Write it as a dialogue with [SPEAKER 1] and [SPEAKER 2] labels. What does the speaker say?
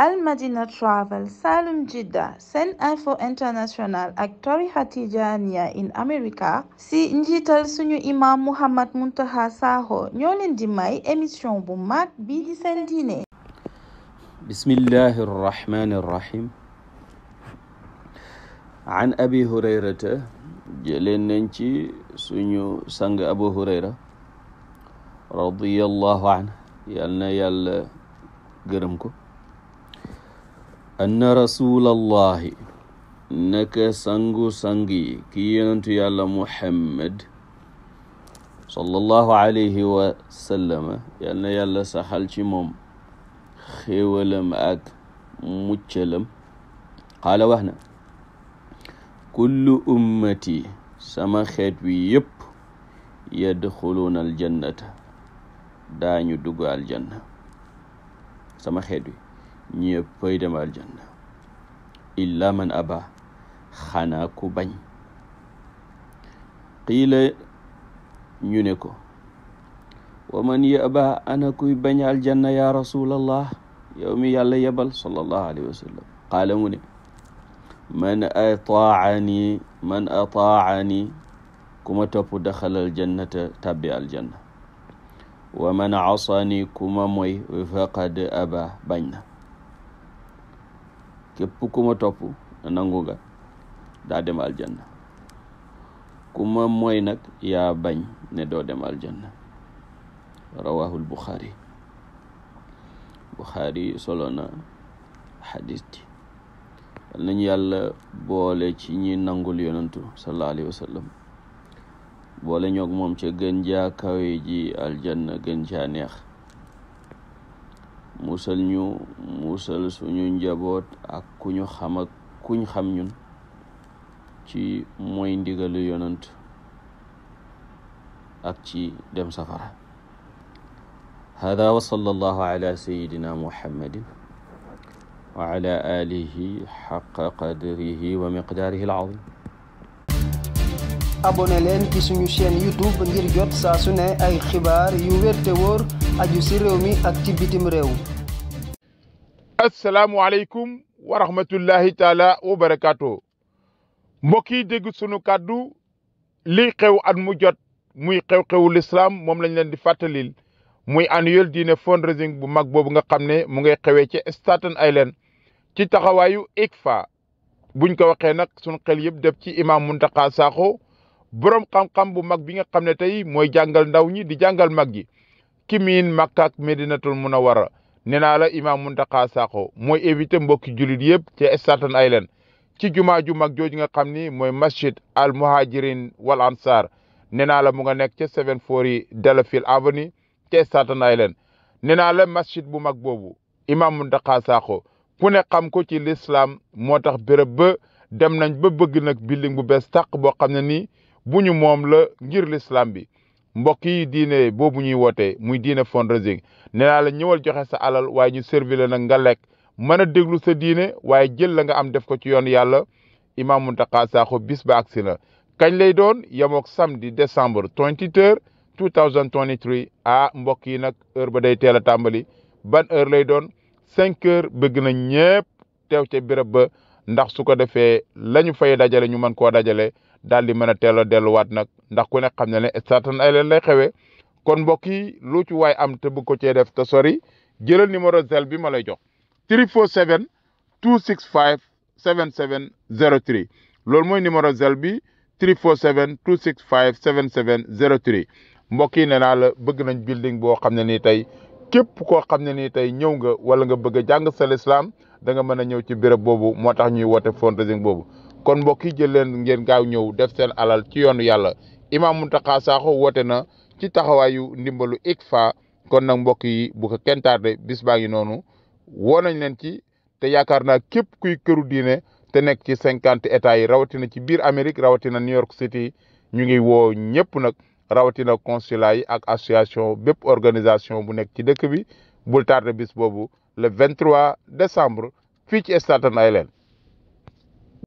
[SPEAKER 1] al madina travel salum jidda sen info international ak tarixa tijaniya in america si njiital suñu imam Mouhammad Muntaqa Sakho ñoo leen may émission bu mag bii di seen bismillahi arrahmani arrahim ci suñu yal na yàlla gërëm ko anna rasulallahi naka sangu-sang yi ki yonentu yàlla muhammad sallallahu alayhi wa sallama yal na yàlla saxal ci moom xéewalam ak muccalam qaala wax na kullu ummati sama xeet wi yëpp yadxuluuna aljannata daañu dugg aljanna sama xeet wi ñëppay dem aljanna illa man aba xanaa ku bañ qiila ñu ne ko wa man yaba ana kuy bañ aljanna ya rasulallah yow mi yàlla yebal sallallahu alayhi wa sallam qaala mu man ataani man ku ma topp daxala aljannata tabbi aljanna wa man ku ma moy faqad aba bañ képp ku ma topp nangu nga daa dem aljanna ku ma mooy nag yaa bañ ne doo dem aljanna rawahul buxaari buxaari solo na xadis bi yàlla boole ci ñi nangul yonantu sallallahu alayhi boole ñoog moom ca gën jaa kawe aljanna gën jaa neex musal ñu musal suñu njaboot ak ku xam kuñ xam ñun ci mooy ndigalu yonant ak ci dem safara hada wa sallallahu ala sayidina muhammadin wa ala alihi xaqa qadrihi wa miqdaarihi al abonné leen ci
[SPEAKER 2] réew mi ak ci bitim réew. taala wa barakaatu. mbokk yi dégg sunu kàddu li xew at mu jot muy xew-xewu lislaam moom lañ leen di fàttalil muy annuel dîner fundraising bu mag boobu nga xam ne mu ngay xewee ci Staten Island ci taxawaayu ICFA buñ ko waxee nag sunu xel yëpp def ci imaam Muntaqa Sakho. borom xam-xam bu mag bi nga xam ne tey mooy jàngal ndaw ñi di jàngal mag ji ki miin Makka ak Medinatul Munawwara nee naa la imaam Muntaqa Sakho mooy éviter mbokki jullit yëpp ci Staten Island ci jumaa ju mag jooju nga xam ni mooy masjid al muhajirin wal ansar nee naa la mu nga nekk ca 740 Delafield Avenue ca Staten Island nee naa la masjid bu mag boobu imaam Muntaqa Sakho ku ne xam ko ci lislaam moo tax béréb ba dem nañ ba bëgg nag building bu bees tàq boo xam ne nii bu ñu moom la ngir lislaam bi mbokk yi diine boobu ñuy wootee muy diine fundraising nee naa la ñëwal joxe sa alal waaye ñu servi la nag nga lekk mën a déglu sa diine waaye jël la nga am def ko ci yoon yàlla Imam Mountakha Sakho bis ba si na kañ lay doon yemook samedi décembre 23 2023 ah mbokk yi nag heure ba day teel a tàmbali ban heure lay doon cinq heures bëgg na ñëpp teew ca béréb ba ndax su ko defee la ñu fay dajale ñu mën koo dajale daal di mën a teel a delluwaat nag ndax ku ne xam na ne satan ay leen lay xewee kon mbokk yi lu ci waay am te bëgg ko cee def te sori jëlal numéro zel bi ma lay jox 347 265 7703 loolu mooy numéro zel bi 347 265 7703 mbokk yi nee naa la bëgg nañ building boo xam ne nii tey képp koo xam ne nii tey ñëw nga wala nga bëgg a jàng sa lislaam da nga mën a ñëw ci béréb boobu moo tax ñuy woote fundraising boobu kon mbokk yi jël leen ngeen gaaw ñëw def seen alal ci yoonu yàlla Imam Mountakha Sakho woote na ci taxawaayu ndimbalu ICFA kon nag mbokk yi bu ko kenn tardé bis baa ngi noonu woo nañ leen ci te yaakaar naa képp kuy këru diine te nekk ci cinquante états yi rawatina ci biir Amérique rawatina New York City ñu ngi woo ñëpp nag rawatina consulat yi ak association bépp organisation bu nekk ci dëkk bi bul tardé bis boobu le vingt trois décembre fii ci stade Tan Island